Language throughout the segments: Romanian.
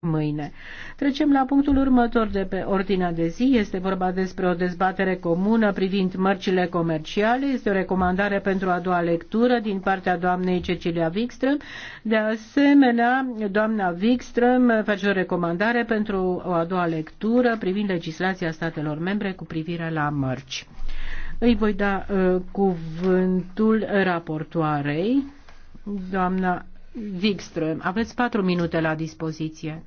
mâine. Trecem la punctul următor de pe ordinea de zi. Este vorba despre o dezbatere comună privind mărcile comerciale. Este o recomandare pentru a doua lectură din partea doamnei Cecilia Wikström. De asemenea, doamna Wikström face o recomandare pentru o a doua lectură privind legislația statelor membre cu privire la mărci. Îi voi da uh, cuvântul raportoarei, doamna Wikström, aveți patru minute la dispoziție.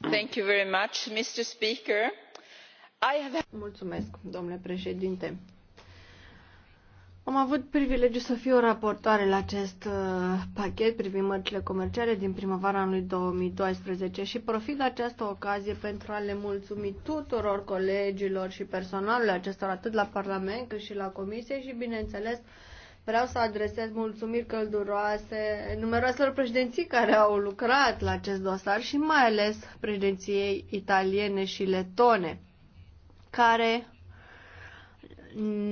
Thank you very much, Mr. Speaker. I have... Mulțumesc, domnule președinte. Am avut privilegiu să fiu raportoare la acest uh, pachet privind mărcile comerciale din primăvara anului 2012 și profit de această ocazie pentru a le mulțumi tuturor colegilor și personalului acestor atât la Parlament cât și la Comisie și, bineînțeles, uh, Vreau să adresez mulțumiri călduroase numeroaselor președinții care au lucrat la acest dosar și mai ales președinției italiene și letone, care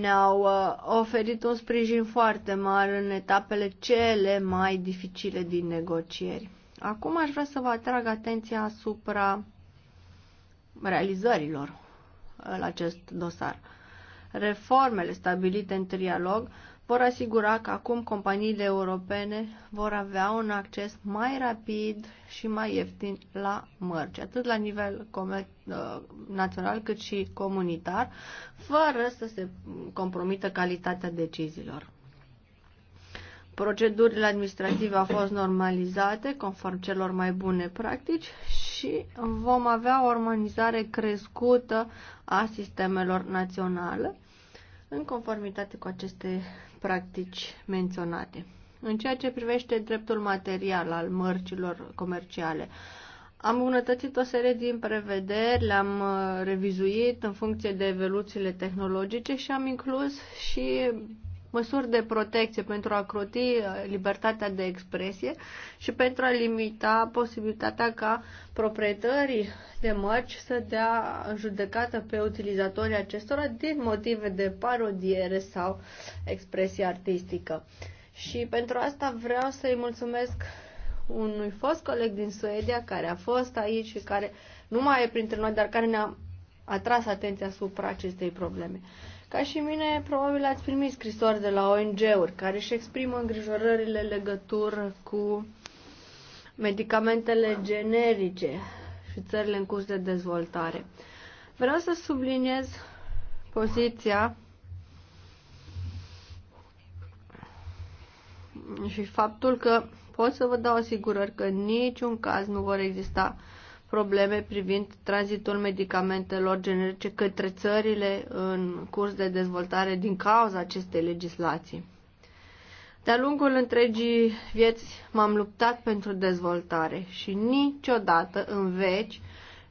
ne-au uh, oferit un sprijin foarte mare în etapele cele mai dificile din negocieri. Acum aș vrea să vă atrag atenția asupra realizărilor uh, la acest dosar. Reformele stabilite în trialog vor asigura că acum companiile europene vor avea un acces mai rapid și mai ieftin la mărci, atât la nivel uh, național cât și comunitar, fără să se compromită calitatea deciziilor. Procedurile administrative au fost normalizate conform celor mai bune practici și vom avea o organizare crescută a sistemelor naționale în conformitate cu aceste practici menționate. În ceea ce privește dreptul material al mărcilor comerciale, am îmbunătățit o serie din prevederi, le-am uh, revizuit în funcție de evoluțiile tehnologice și am inclus și măsuri de protecție pentru a croti uh, libertatea de expresie și pentru a limita posibilitatea ca proprietarii de mărci să dea judecată pe utilizatorii acestora din motive de parodiere sau expresie artistică. Și pentru asta vreau să-i mulțumesc unui fost coleg din Suedia care a fost aici și care nu mai e printre noi, dar care ne-a atras atenția asupra acestei probleme. Ca și mine, probabil ați primit scrisori de la ONG-uri care își exprimă îngrijorările legătură cu medicamentele generice și țările în curs de dezvoltare. Vreau să subliniez poziția și faptul că pot să vă dau asigurări că în niciun caz nu vor exista uh, probleme privind tranzitul medicamentelor generice către țările în curs de dezvoltare din cauza acestei legislații. De-a lungul întregii vieți m-am luptat pentru dezvoltare și niciodată în veci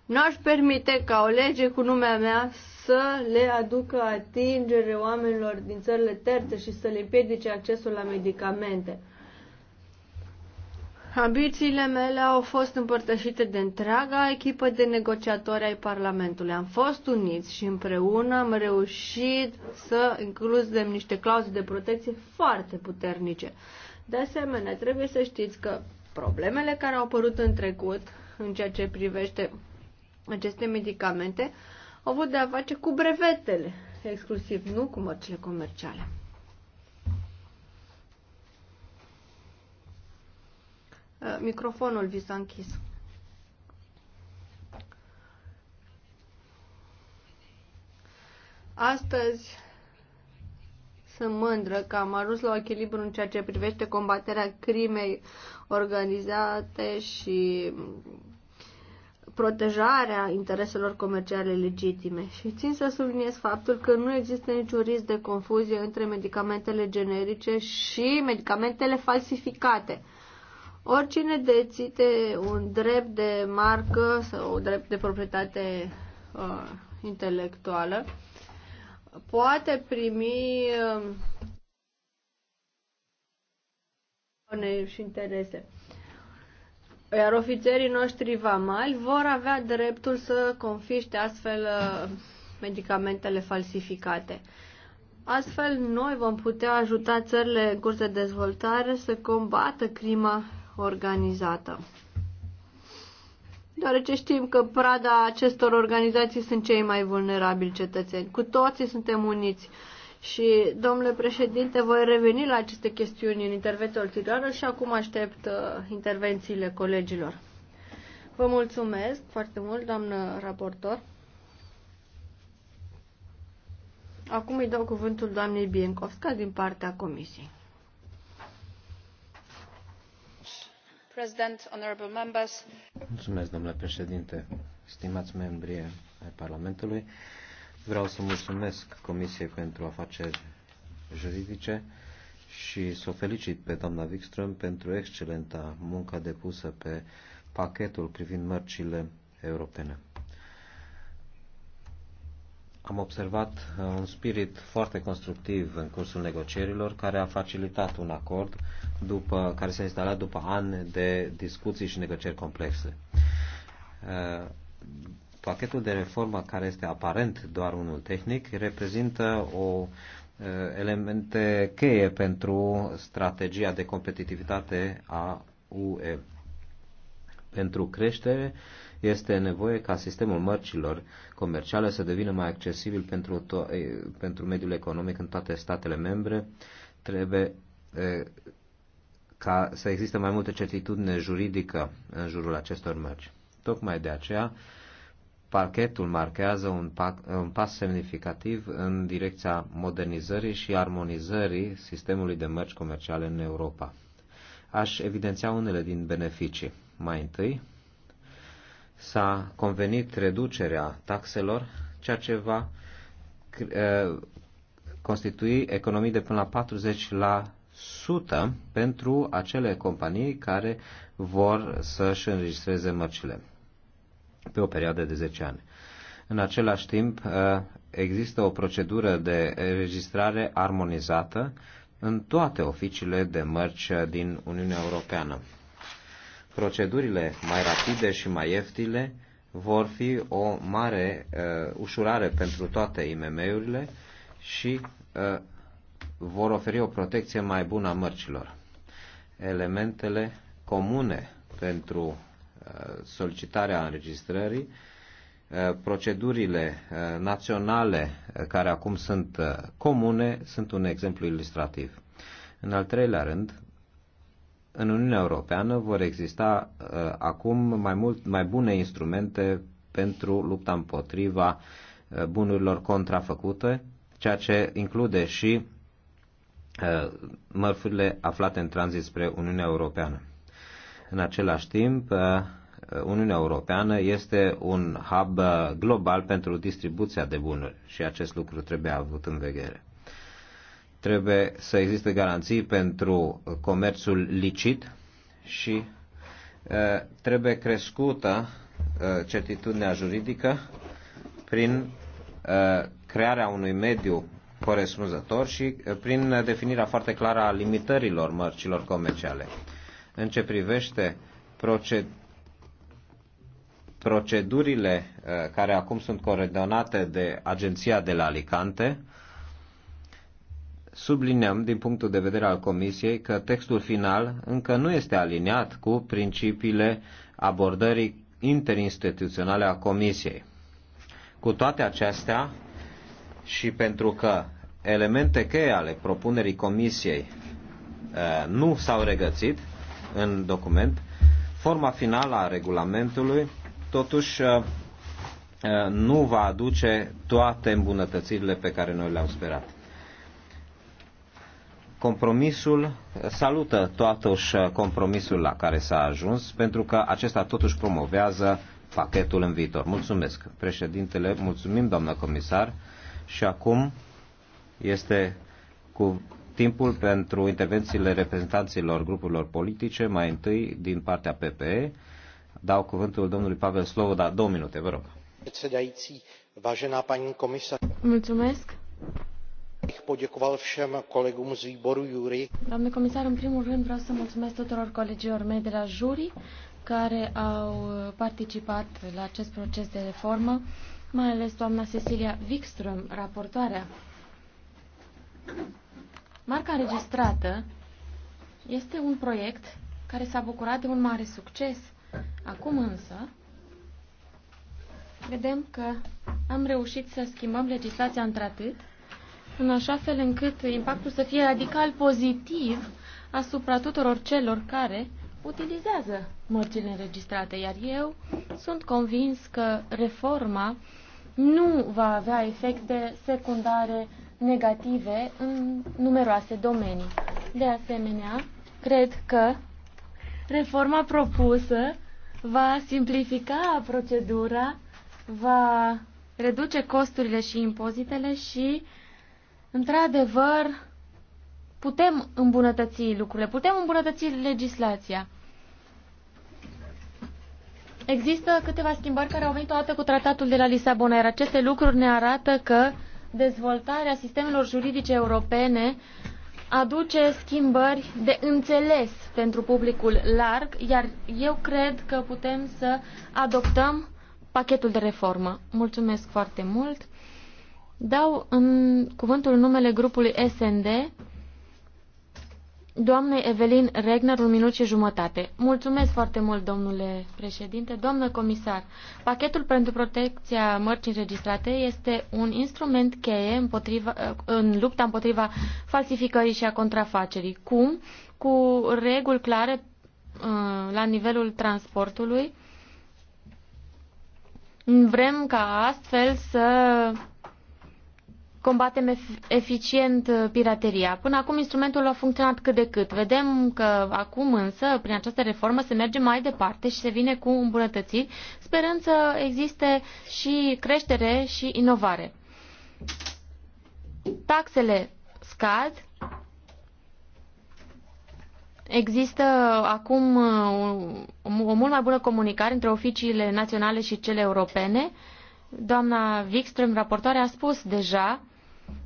nu aș permite ca o lege cu numea mea să le aducă atingere oamenilor din țările terțe și să le împiedice accesul la medicamente – Ambițiile mele au fost împărtășite de întreaga echipă de negociatori ai Parlamentului. Am fost uniți și împreună am reușit să includem niște clauze de protecție foarte puternice. De asemenea, trebuie să știți că problemele care au apărut în trecut în ceea ce privește aceste medicamente au avut de a face cu brevetele exclusiv, nu cu mărcile comerciale. Uh, microfonul vi s-a închis. Astăzi sunt mândră că am ajuns la echilibru în ceea ce privește combaterea crimei organizate și protejarea intereselor comerciale legitime. Și țin să subliniez faptul că nu există niciun risc de confuzie între medicamentele generice și medicamentele falsificate. Oricine deține un drept de marcă sau un drept de proprietate uh, intelectuală poate primi uh, și interese. Iar ofițerii noștri vamali vor avea dreptul să confiște astfel uh, medicamentele falsificate. Astfel, noi vom putea ajuta țările în curs de dezvoltare să combată crima organizată. Deoarece știm că prada acestor organizații sunt cei mai vulnerabili cetățeni. Cu toții suntem uniți. Și, domnule președinte, voi reveni la aceste chestiuni în intervenția ulterioară și acum aștept uh, intervențiile colegilor. Vă mulțumesc foarte mult, doamnă raportor. Acum îi dau cuvântul doamnei Biencovska din partea comisiei. domnule președinte, stimați membri ai Parlamentului. Vreau să mulțumesc Comisiei pentru Afaceri Juridice și să o felicit pe doamna Wikström pentru excelenta muncă depusă pe pachetul privind mărcile europene. Am observat uh, un spirit foarte constructiv în cursul negocierilor care a facilitat un acord după, care s-a instalat după ani de discuții și negocieri complexe. Uh, pachetul de reformă, care este aparent doar unul tehnic, reprezintă o uh, elemente cheie pentru strategia de competitivitate a UE. Pentru creștere este nevoie ca sistemul mărcilor comerciale să devină mai accesibil pentru, pentru mediul economic în toate statele membre. Trebuie e, ca să existe mai multă certitudine juridică în jurul acestor mărci. Tocmai de aceea, parchetul marchează un, pac, un pas semnificativ în direcția modernizării și armonizării sistemului de mărci comerciale în Europa. Aș evidenția unele din beneficii mai întâi, s-a convenit reducerea taxelor, ceea ce va constitui economii de până la 40 la 100% pentru acele companii care vor să-și înregistreze mărcile pe o perioadă de 10 ani. În același timp, există o procedură de registrare armonizată în toate oficiile de mărci din Uniunea Europeană procedurile mai rapide și mai ieftine vor fi o mare uh, ușurare pentru toate IMM-urile și uh, vor oferi o protecție mai bună a mărcilor. Elementele comune pentru uh, solicitarea înregistrării, uh, procedurile uh, naționale uh, care acum sunt uh, comune, sunt un exemplu ilustrativ. În al treilea rând, în Uniunea Europeană vor exista uh, acum mai, mult, mai bune instrumente pentru lupta împotriva uh, bunurilor contrafăcute, ceea ce include și uh, mărfurile aflate în tranzit spre Uniunea Europeană. În același timp, uh, Uniunea Europeană este un hub uh, global pentru distribuția de bunuri și acest lucru trebuie avut în vedere. Trebuie să existe garanții pentru comerțul licit și uh, trebuie crescută uh, certitudinea juridică prin uh, crearea unui mediu corespunzător și prin definirea foarte clară a limitărilor mărcilor comerciale. În ce privește procedurile care acum sunt coordonate de Agenția de la Alicante, Subliniem, din punctul de vedere al Comisiei, că textul final încă nu este aliniat cu principiile abordării interinstituționale a Comisiei. Cu toate acestea, și pentru că elemente cheie ale propunerii Comisiei uh, nu s-au regăsit în document, forma finală a regulamentului totuși uh, uh, nu va aduce toate îmbunătățirile pe care noi le-am sperat compromisul, salută totuși compromisul la care s-a ajuns, pentru că acesta totuși promovează pachetul în viitor. Mulțumesc, președintele, mulțumim, doamnă comisar, și acum este cu timpul pentru intervențiile reprezentanților grupurilor politice, mai întâi din partea PPE. Dau cuvântul domnului Pavel dar două minute, vă rog. Mulțumesc. Doamne comisar, în primul rând vreau să mulțumesc tuturor colegilor mei de la juri care au participat la acest proces de reformă, mai ales doamna Cecilia Wikström, raportoarea. Marca înregistrată este un proiect care s-a bucurat de un mare succes. Acum însă, vedem că am reușit să schimbăm legislația într-atât în așa fel încât impactul să fie radical pozitiv asupra tuturor celor care utilizează mărcile înregistrate, iar eu sunt convins că reforma nu va avea efecte secundare negative în numeroase domenii. De asemenea, cred că reforma propusă va simplifica procedura, va reduce costurile și impozitele și uh, Într-adevăr, putem îmbunătăți lucrurile, putem îmbunătăți legislația. Există câteva schimbări care au venit odată cu tratatul de la Lisabona, iar aceste lucruri ne arată că dezvoltarea sistemelor juridice europene aduce schimbări de înțeles pentru publicul larg, iar eu cred că putem să adoptăm pachetul de reformă. Mulțumesc foarte mult! Dau în cuvântul numele grupului SND doamnei Evelin Regner, un minut și jumătate. Mulțumesc foarte mult, domnule președinte. Doamnă comisar, pachetul pentru protecția mărcii înregistrate este un instrument cheie împotriva, în lupta împotriva falsificării și a contrafacerii. Cum? Cu reguli clare uh, la nivelul transportului. Vrem ca astfel să combatem eficient uh, pirateria. Până acum instrumentul a funcționat cât de cât. Vedem că acum însă, prin această reformă, se merge mai departe și se vine cu îmbunătățiri, sperând să existe și creștere și inovare. Taxele scad, Există acum uh, o mult mai bună comunicare între oficiile naționale și cele europene. Doamna Wikström, raportoare, a spus deja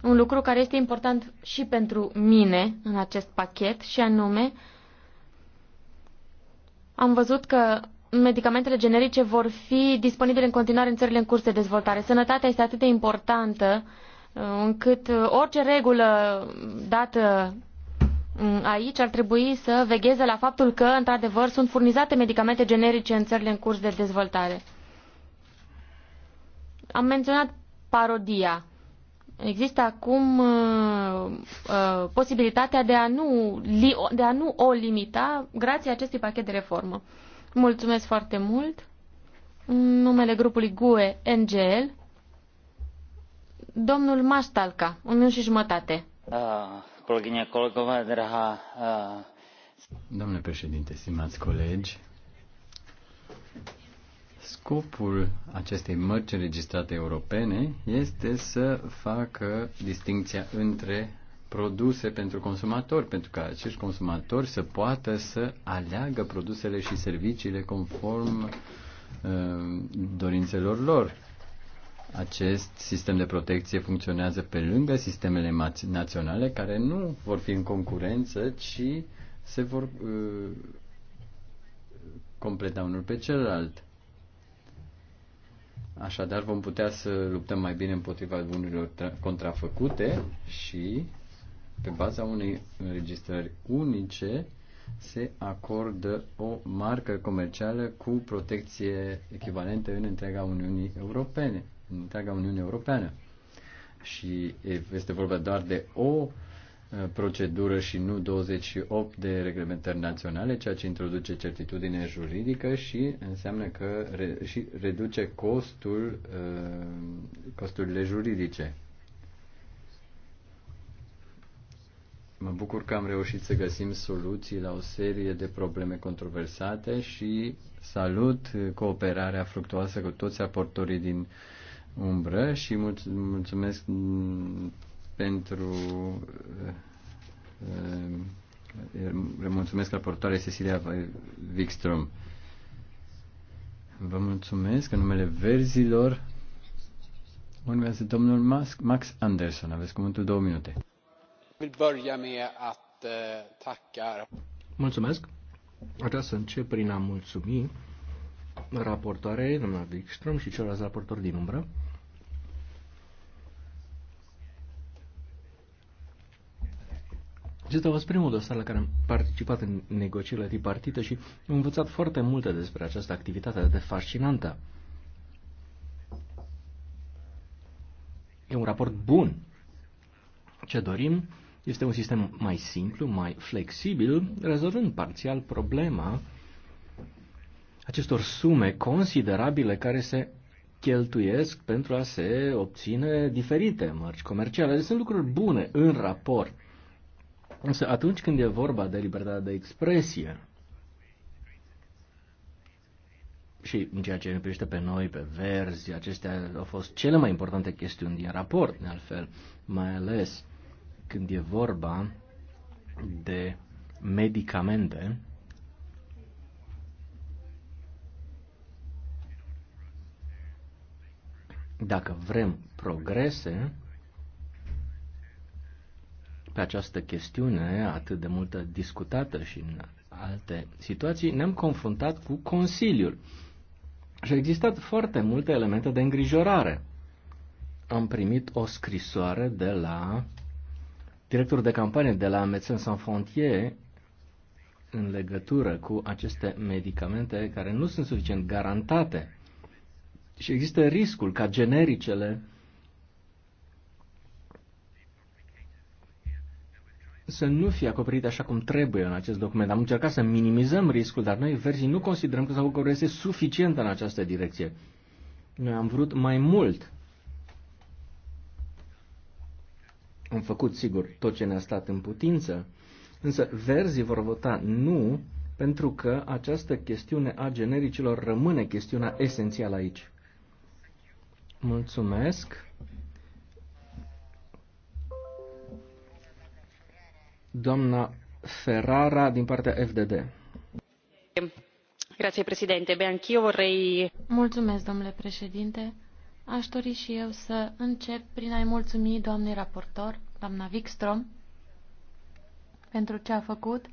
un lucru care este important și pentru mine în acest pachet și anume am văzut că medicamentele generice vor fi disponibile în continuare în țările în curs de dezvoltare. Sănătatea este atât de importantă uh, încât uh, orice regulă dată uh, aici ar trebui să vegheze la faptul că, într-adevăr, sunt furnizate medicamente generice în țările în curs de dezvoltare. Am menționat parodia Există acum uh, uh, posibilitatea de a, nu li, de a nu o limita grație acestui pachet de reformă. Mulțumesc foarte mult. În numele grupului GUE NGL, domnul Maștalca, un minut și jumătate. Uh, kolegové, drahá. Domnule președinte, stimați colegi, Scopul acestei mărci înregistrate europene este să facă distinția între produse pentru consumatori, pentru ca acești consumatori să poată să aleagă produsele și serviciile conform uh, dorințelor lor. Acest sistem de protecție funcționează pe lângă sistemele naționale care nu vor fi în concurență, ci se vor uh, completa unul pe celălalt. Așadar vom putea să luptăm mai bine împotriva bunurilor contrafăcute și pe baza unei înregistrări unice se acordă o marcă comercială cu protecție echivalentă în întreaga Uniunii Europene, în întreaga Uniunii Europeană. Și este vorba doar de o Uh, procedură și nu 28 de reglementări naționale, ceea ce introduce certitudine juridică și înseamnă că re, și reduce costul, uh, costurile juridice. Mă bucur că am reușit să găsim soluții la o serie de probleme controversate și salut cooperarea fructuoasă cu toți aportorii din umbră și mulțumesc pentru eh, eh, le mulțumesc raportoare Cecilia Wikström. Vă mulțumesc în numele verzilor. Urmează domnul Max, Anderson. Aveți cuvântul două minute. Eh, mulțumesc. Aș să încep prin a mulțumi raportoarei, doamna Wikström și celorlalți raportori din umbră, Acesta a fost primul dosar la care am participat în negocierile tripartite și am învățat foarte multe despre această activitate de fascinantă. E un raport bun. Ce dorim este un sistem mai simplu, mai flexibil, rezolvând parțial problema acestor sume considerabile care se cheltuiesc pentru a se obține diferite mărci comerciale. Deci sunt lucruri bune în raport Însă atunci când e vorba de libertatea de expresie și în ceea ce ne privește pe noi, pe verzi, acestea au fost cele mai importante chestiuni din raport, de altfel, mai ales când e vorba de medicamente, dacă vrem progrese, pe această chestiune atât de multă discutată și în alte situații, ne-am confruntat cu Consiliul. Și au existat foarte multe elemente de îngrijorare. Am primit o scrisoare de la directorul de campanie de la Médecins Sans Frontières în legătură cu aceste medicamente care nu sunt suficient garantate. Și există riscul ca genericele să nu fie acoperite așa cum trebuie în acest document. Am încercat să minimizăm riscul, dar noi verzii nu considerăm că s-a făcut suficient în această direcție. Noi am vrut mai mult. Am făcut, sigur, tot ce ne-a stat în putință, însă verzii vor vota nu pentru că această chestiune a genericilor rămâne chestiunea esențială aici. Mulțumesc. Doamna Ferrara, din partea FDD. Grazie, președinte. Beh, anch'io vorrei... Mulțumesc, domnule președinte. Aș dori și eu să încep prin a-i mulțumi doamnei raportor, doamna Wikstrom, pentru ce a făcut.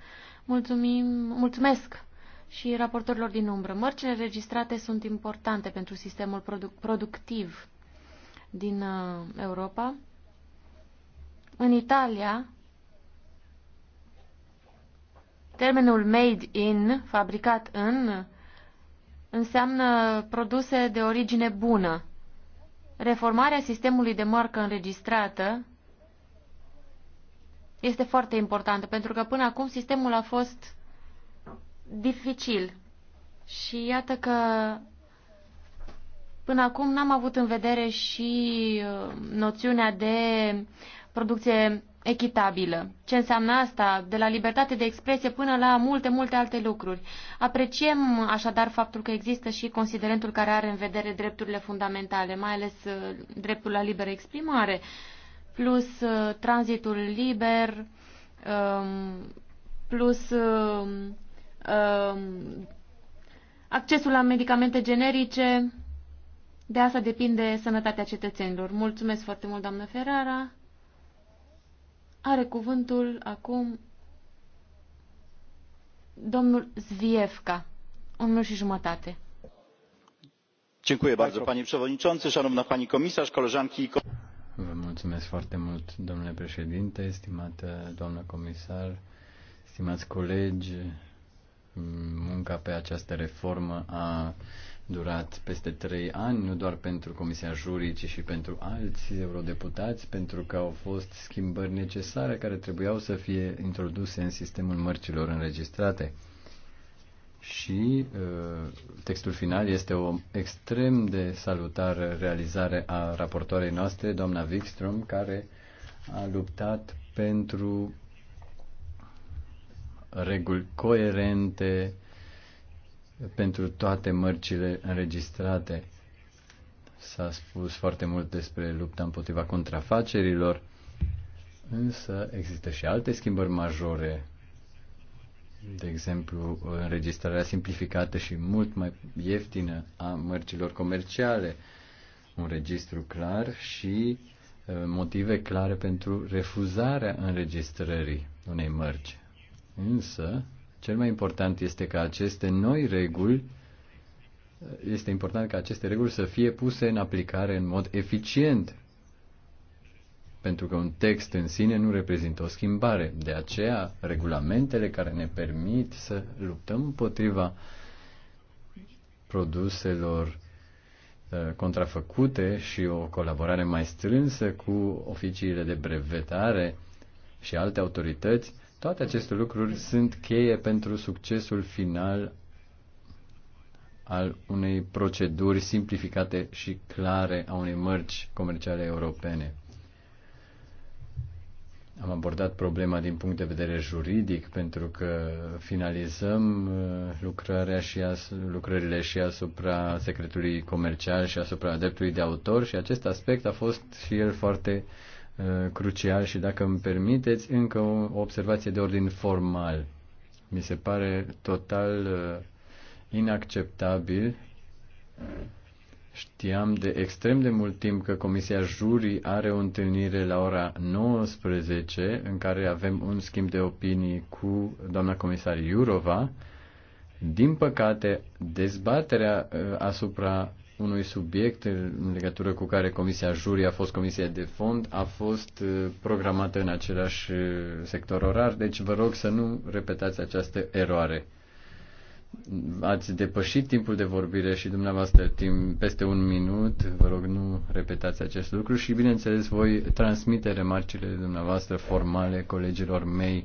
Mulțumim, mulțumesc și raportorilor din umbră. Mărcile registrate sunt importante pentru sistemul produc productiv din uh, Europa. În Italia, Termenul made in, fabricat în, înseamnă produse de origine bună. Reformarea sistemului de marcă înregistrată este foarte importantă, pentru că până acum sistemul a fost dificil. Și iată că până acum n-am avut în vedere și uh, noțiunea de producție echitabilă. Ce înseamnă asta? De la libertate de expresie până la multe, multe alte lucruri. Apreciem așadar faptul că există și considerentul care are în vedere drepturile fundamentale, mai ales uh, dreptul la liberă exprimare, plus uh, tranzitul liber, um, plus um, um, accesul la medicamente generice. De asta depinde sănătatea cetățenilor. Mulțumesc foarte mult, doamnă Ferrara. Are cuvântul acum domnul Zviefka. Un minut și jumătate. Dziękuję bardzo, panie przewodniczący, szanowna pani komisarz, koleżanki i Vă mulțumesc foarte mult, domnule președinte, stimată doamnă comisar, stimați colegi. Munca pe această reformă a durat peste trei ani, nu doar pentru Comisia Jurii, ci și pentru alți eurodeputați, pentru că au fost schimbări necesare care trebuiau să fie introduse în sistemul mărcilor înregistrate. Și uh, textul final este o extrem de salutară realizare a raportoarei noastre, doamna Wikström, care a luptat pentru reguli coerente, pentru toate mărcile înregistrate. S-a spus foarte mult despre lupta împotriva contrafacerilor, însă există și alte schimbări majore, de exemplu înregistrarea simplificată și mult mai ieftină a mărcilor comerciale, un registru clar și uh, motive clare pentru refuzarea înregistrării unei mărci. Însă, cel mai important este ca aceste noi reguli este important ca aceste reguli să fie puse în aplicare în mod eficient, pentru că un text în sine nu reprezintă o schimbare. De aceea, regulamentele care ne permit să luptăm împotriva produselor uh, contrafăcute și o colaborare mai strânsă cu oficiile de brevetare și alte autorități toate aceste lucruri sunt cheie pentru succesul final al unei proceduri simplificate și clare a unei mărci comerciale europene. Am abordat problema din punct de vedere juridic pentru că finalizăm uh, lucrarea și as, lucrările și asupra secretului comercial și asupra dreptului de autor și acest aspect a fost și el foarte uh, Uh, crucial și, dacă îmi permiteți, încă o observație de ordin formal. Mi se pare total uh, inacceptabil. Știam de extrem de mult timp că Comisia Jurii are o întâlnire la ora 19 în care avem un schimb de opinii cu doamna comisar Iurova. Din păcate, dezbaterea uh, asupra unui subiect în legătură cu care Comisia Jurii a fost Comisia de Fond, a fost uh, programată în același uh, sector orar, deci vă rog să nu repetați această eroare. Ați depășit timpul de vorbire și dumneavoastră timp peste un minut, vă rog nu repetați acest lucru și bineînțeles voi transmite remarcile dumneavoastră formale colegilor mei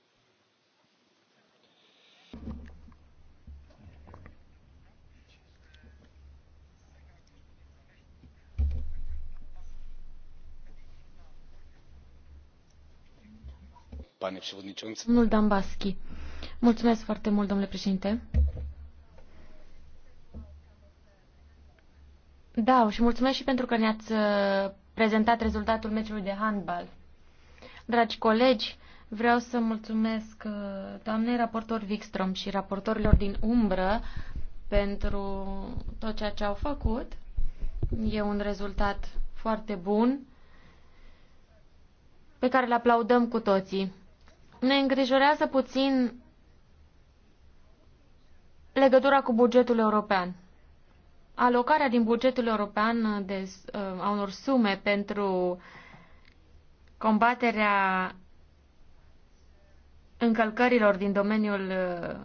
Domnul Dambaschi. Mulțumesc foarte mult, domnule președinte. Da, și mulțumesc și pentru că ne-ați uh, prezentat rezultatul meciului de handbal. Dragi colegi, vreau să mulțumesc uh, doamnei raportor Wikstrom și raportorilor din umbră pentru tot ceea ce au făcut. E un rezultat foarte bun pe care îl aplaudăm cu toții. Ne îngrijorează puțin legătura cu bugetul european. Alocarea din bugetul european de, uh, a unor sume pentru combaterea încălcărilor din domeniul uh,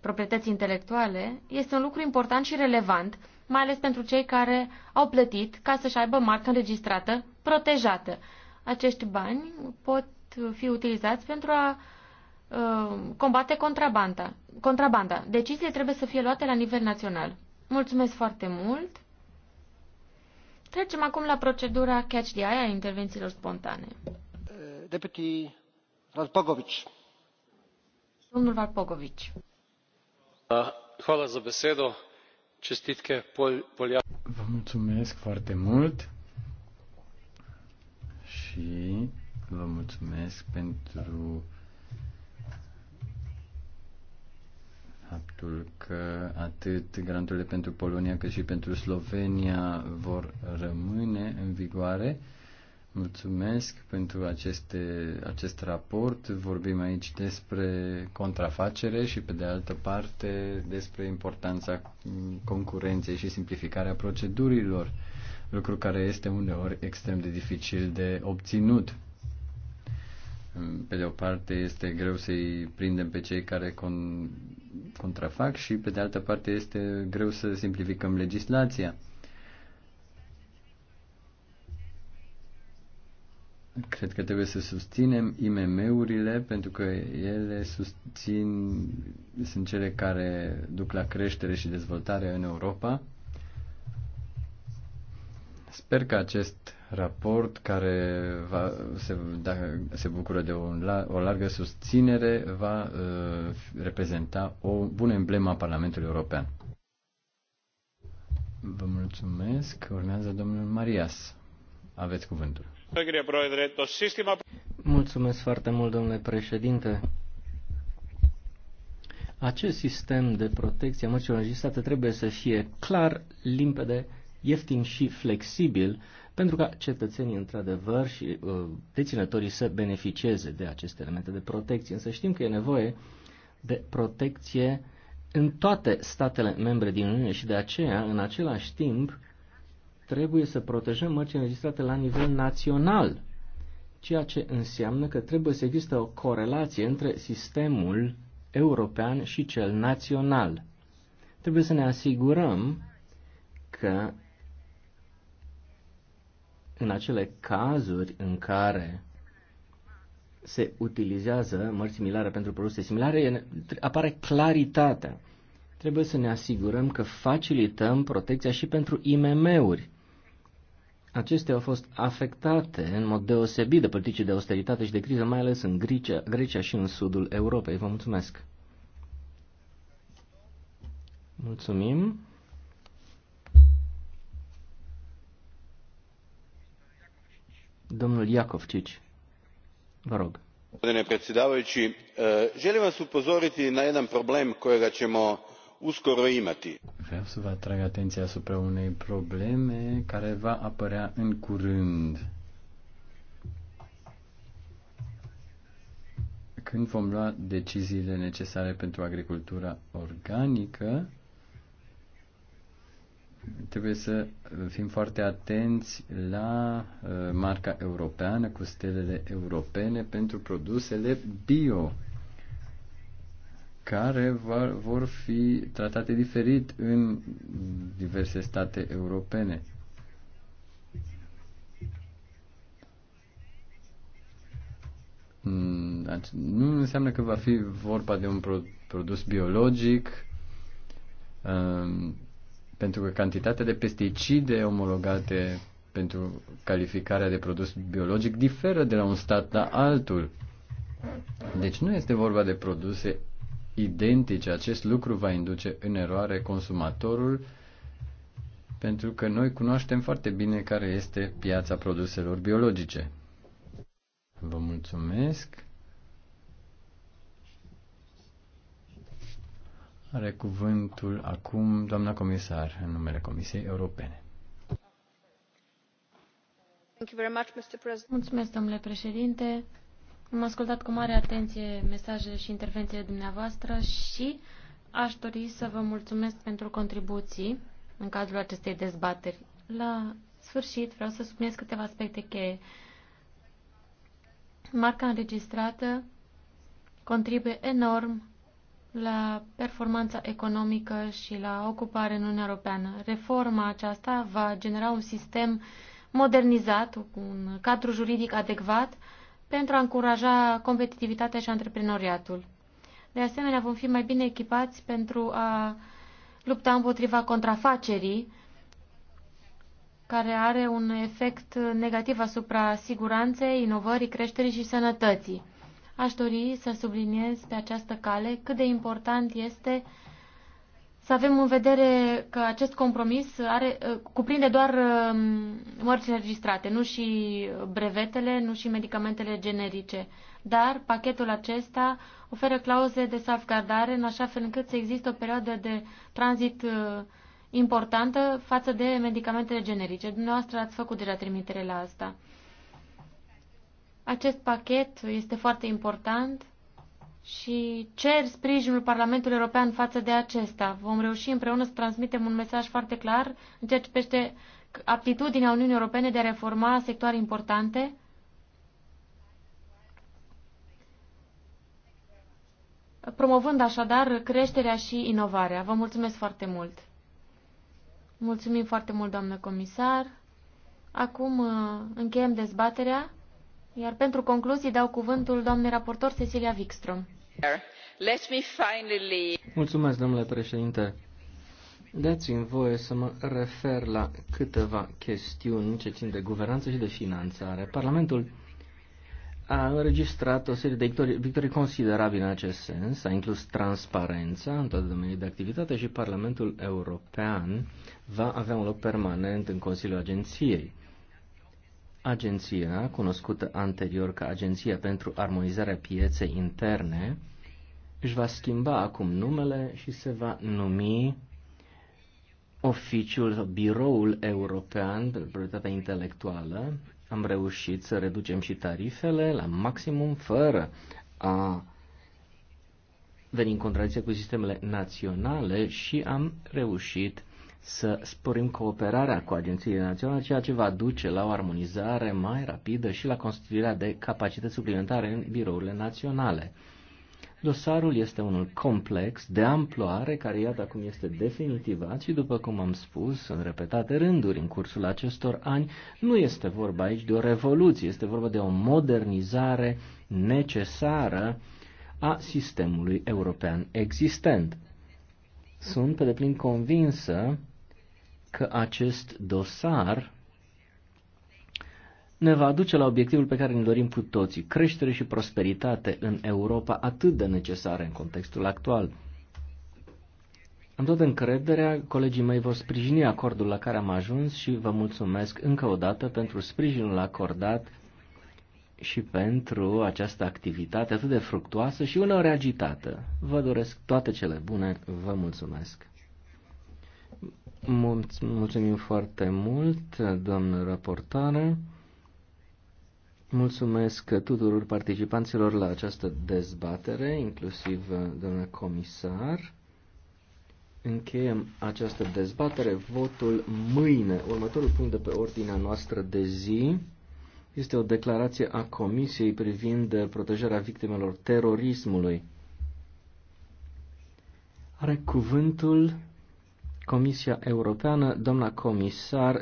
proprietății intelectuale este un lucru important și relevant, mai ales pentru cei care au plătit ca să-și aibă marca înregistrată protejată. Acești bani pot fi utilizați pentru a uh, combate contrabanda. contrabanda. Deciziile trebuie să fie luate la nivel național. Mulțumesc foarte mult! Trecem acum la procedura catch the eye a intervențiilor spontane. Deputy Radbogovic. Domnul Radbogovic. Da, hvala za besedo. Čestitke Polja. Vă mulțumesc foarte mult și Vă mulțumesc pentru faptul că atât granturile pentru Polonia cât și pentru Slovenia vor rămâne în vigoare. Mulțumesc pentru aceste, acest raport. Vorbim aici despre contrafacere și, pe de altă parte, despre importanța concurenței și simplificarea procedurilor, lucru care este uneori extrem de dificil de obținut pe de o parte este greu să-i prindem pe cei care con- contrafac și pe de altă parte este greu să simplificăm legislația. Cred că trebuie să susținem IMM-urile pentru că ele susțin, sunt cele care duc la creștere și dezvoltare în Europa. Sper că acest raport care va, se, dacă se bucură de o, o largă susținere, va uh, reprezenta o bună emblemă a Parlamentului European. Vă mulțumesc. Urmează domnul Marias. Aveți cuvântul. Mulțumesc foarte mult, domnule președinte. Acest sistem de protecție a mărcilor înregistrate trebuie să fie clar, limpede, ieftin și flexibil pentru ca cetățenii, într-adevăr, și uh, deținătorii să beneficieze de aceste elemente de protecție. Însă știm că e nevoie de protecție în toate statele membre din Uniune și de aceea, în același timp, trebuie să protejăm mărcile înregistrate la nivel național, ceea ce înseamnă că trebuie să există o corelație între sistemul european și cel național. Trebuie să ne asigurăm că în acele cazuri în care se utilizează mărți similare pentru produse similare, apare claritatea. Trebuie să ne asigurăm că facilităm protecția și pentru IMM-uri. Acestea au fost afectate în mod deosebit de politicii de austeritate și de criză, mai ales în Grecia, Grecia și în sudul Europei. Vă mulțumesc! Mulțumim! Gospodine predsjedavajući, želim vas upozoriti na jedan problem kojega ćemo uskoro imati. Vreau să vă atrag atenția asupra unei probleme care va apărea în curând. Când vom lua deciziile necesare pentru agricultura organică, trebuie să fim foarte atenți la uh, marca europeană cu stelele europene pentru produsele bio care vor fi tratate diferit în diverse state europene. Mm, deci, nu înseamnă că va fi vorba de un produs biologic um, pentru că cantitatea de pesticide omologate pentru calificarea de produs biologic diferă de la un stat la altul. Deci nu este vorba de produse identice. Acest lucru va induce în eroare consumatorul pentru că noi cunoaștem foarte bine care este piața produselor biologice. Vă mulțumesc. Are cuvântul acum doamna comisar în numele Comisiei Europene. Mulțumesc, domnule președinte. Am ascultat cu mare atenție mesajele și intervențiile dumneavoastră și aș dori să vă mulțumesc pentru contribuții în cadrul acestei dezbateri. La sfârșit vreau să subliniez câteva aspecte cheie. Marca înregistrată contribuie enorm la performanța economică și la ocupare în Uniunea Europeană. Reforma aceasta va genera un sistem modernizat, un cadru juridic adecvat pentru a încuraja competitivitatea și antreprenoriatul. De asemenea, vom fi mai bine echipați pentru a lupta împotriva contrafacerii, care are un efect negativ asupra siguranței, inovării, creșterii și sănătății. Aș dori să subliniez pe această cale cât de important este să avem în vedere că acest compromis are, uh, cuprinde doar um, mărcile registrate, nu și brevetele, nu și medicamentele generice. Dar pachetul acesta oferă clauze de salvgardare în așa fel încât să existe o perioadă de tranzit uh, importantă față de medicamentele generice. Dumneavoastră ați făcut deja trimitere la asta. Acest pachet este foarte important și cer sprijinul Parlamentului European față de acesta. Vom reuși împreună să transmitem un mesaj foarte clar în ceea ce privește aptitudinea Uniunii Europene de a reforma sectoare importante. promovând așadar creșterea și inovarea. Vă mulțumesc foarte mult! Mulțumim foarte mult, doamnă comisar! Acum uh, încheiem dezbaterea. Iar pentru concluzii dau cuvântul doamnei raportor Cecilia Wikström. Mulțumesc, domnule președinte. Dați-mi voie să mă refer la câteva chestiuni ce țin de guvernanță și de finanțare. Parlamentul a înregistrat o serie de victorii, victorii considerabile în acest sens, a inclus transparența în toate domeniile de activitate și Parlamentul European va avea un loc permanent în Consiliul Agenției. Agenția, cunoscută anterior ca Agenția pentru Armonizarea Pieței Interne, își va schimba acum numele și se va numi oficiul sau biroul european pentru proprietatea intelectuală. Am reușit să reducem și tarifele la maximum fără a veni în contradicție cu sistemele naționale și am reușit să sporim cooperarea cu agențiile naționale, ceea ce va duce la o armonizare mai rapidă și la constituirea de capacități suplimentare în birourile naționale. Dosarul este unul complex, de amploare, care iată acum este definitivat și, după cum am spus în repetate rânduri în cursul acestor ani, nu este vorba aici de o revoluție, este vorba de o modernizare necesară a sistemului european existent. Sunt pe deplin convinsă că acest dosar ne va aduce la obiectivul pe care ne dorim cu toții, creștere și prosperitate în Europa atât de necesare în contextul actual. Am tot încrederea, colegii mei vor sprijini acordul la care am ajuns și vă mulțumesc încă o dată pentru sprijinul acordat și pentru această activitate atât de fructuoasă și uneori agitată. Vă doresc toate cele bune, vă mulțumesc! Mulțumim foarte mult, doamnă raportare. Mulțumesc tuturor participanților la această dezbatere, inclusiv uh, doamna comisar. Încheiem această dezbatere. Votul mâine. Următorul punct de pe ordinea noastră de zi este o declarație a Comisiei privind uh, protejarea victimelor terorismului. Are cuvântul Comisia Europeană, doamna comisar